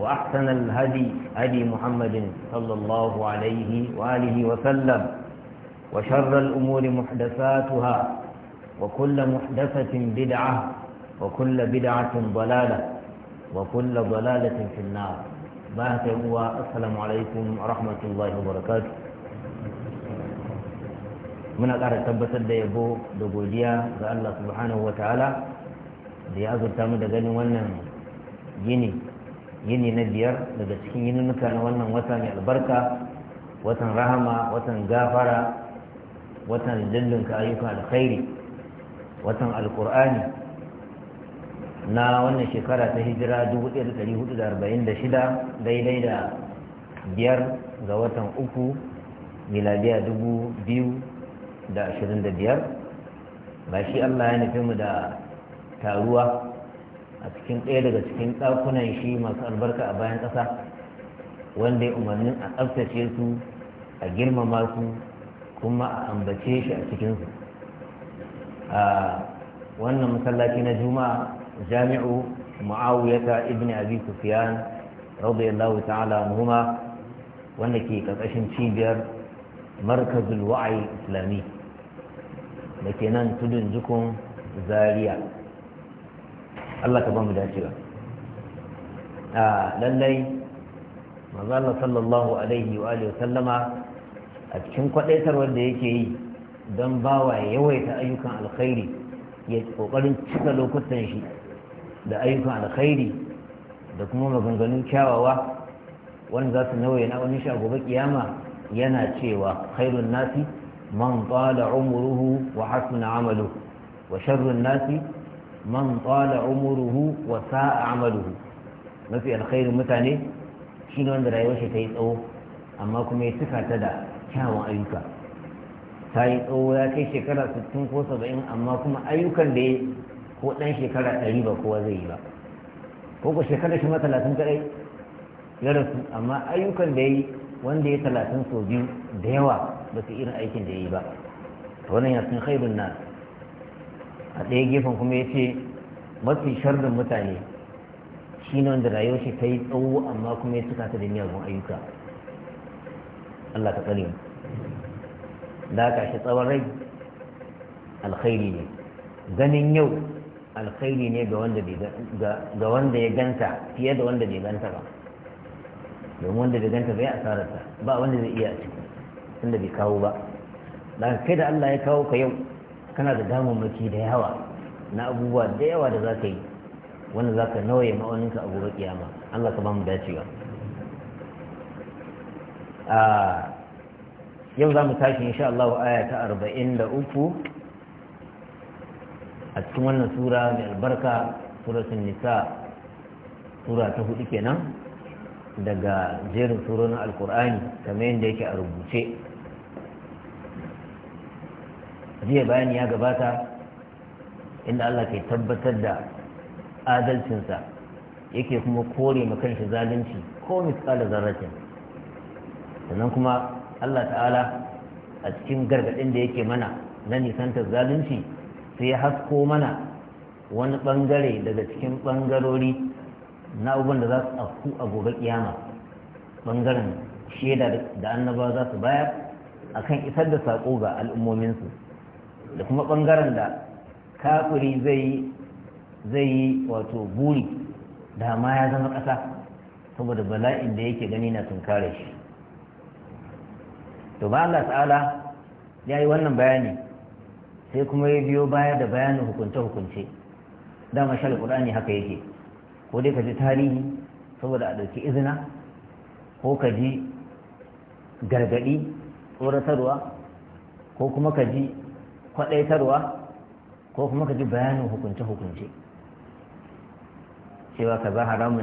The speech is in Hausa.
وأحسن الهدي هدي محمد صلى الله عليه وآله وسلم وشر الأمور محدثاتها وكل محدثة بدعة وكل بدعة ضلالة وكل ضلالة في النار بارك الله السلام عليكم ورحمة الله وبركاته muna ƙara tabbatar da yabo da godiya ga Allah subhanahu wa ta'ala da ya azurta mu da ganin wannan gini yini na biyar daga cikin nuka na wannan wata mai albarka watan rahama watan gafara watan lullunka ayyuka alkhairi watan alkur'ani na wannan shekara ta hijira 1446 daidai da biyar ga watan uku miladiya 2025 ba shi allah ya nufi mu da taruwa a cikin ɗaya daga cikin ɗakunan shi masu albarka a bayan ƙasa wanda ya umarnin a tsaftace su a girmama su kuma a ambace shi a su a wannan masallaci na juma'a jami'u ma'awuyata ibn abi sufyan radiyallahu ta'ala anhuma wanda ke ƙarƙashin cibiyar markazul wa'ayi islami da ke nan tudun jikun zaria Allah ka ba mu dacewa a lallai manzo Allah sallallahu alaihi wa alihi sallama a cikin kwadaitar wanda yake yi don bawa yawaita ayyukan alkhairi ya kokarin cika lokutan shi da ayyukan alkhairi da kuma maganganun kyawawa wanda za su nauye na wani shi a gobe kiyama yana cewa khairun nasi man qala umruhu wa hasuna amalu wa sharrun nasi man tsala umuruhu wa sa'a amaluhu mafi alkhairin mutane shi ne wanda rayuwar shi ta yi tsawo amma kuma ya cika ta da kyawun ayyuka ta yi tsawo ya kai shekara 60 ko 70 amma kuma ayyukan da ya ko ɗan shekara 100 ba kowa zai yi ba ko ko shekara shi ma 30 kadai ya rasu amma ayyukan da ya yi wanda ya 30 sau biyu da yawa ba su irin aikin da ya yi ba wannan ya sun khairun nas a ɗaya gefen kuma ya ce mafi sharrin mutane shi ne wanda rayuwar shi ta yi tsawo amma kuma ya cika ta da miyagun ayyuka Allah ka tsare da ka shi tsawon rai alkhairi ne ganin yau alkhairi ne ga wanda ya ganta fiye da wanda bai ganta ba domin wanda bai ganta bai asararta ba wanda zai iya a ciki tunda bai kawo ba da kai da Allah ya kawo ka yau kana da damammaki da yawa na abubuwa da yawa da za ka yi wanda za ka nauye ma'auninka a gobe kiyama allah ka ba mu dacewa yau za mu tashi insha allahu aya ta arba'in da uku a cikin wannan sura mai albarka sun nisa sura ta hudu kenan daga jerin na alkur'ani kamar yadda yake a rubuce jiya bayani ya gabata inda Allah ke tabbatar da adalcinsa yake kuma kore ma kanshi zalunci ko misali zarracin sannan kuma Allah ta'ala a cikin gargaɗin da yake mana na nisantar zalunci sai ya hasko mana wani ɓangare daga cikin bangarori na abubuwan da za su afku a gobe kiyama ɓangaren shaida da annaba za su bayar akan isar da saƙo ga al'ummominsu da kuma ɓangaren da kafiri zai zai yi wato buri da ma ya zama ƙasa saboda bala'in da yake gani na tunkare shi to ba Allah ta'ala ya yi wannan bayani sai kuma ya biyo baya da bayanin hukunce-hukunce dama shal ƙudani haka yake ko dai ka ji tarihi saboda a ɗauki izina ko ka ji gargaɗi tsoratarwa ko kuma ka ji kwaɗaitarwa ko kuma ka ji bayanin hukunce-hukunce cewa ka za haramun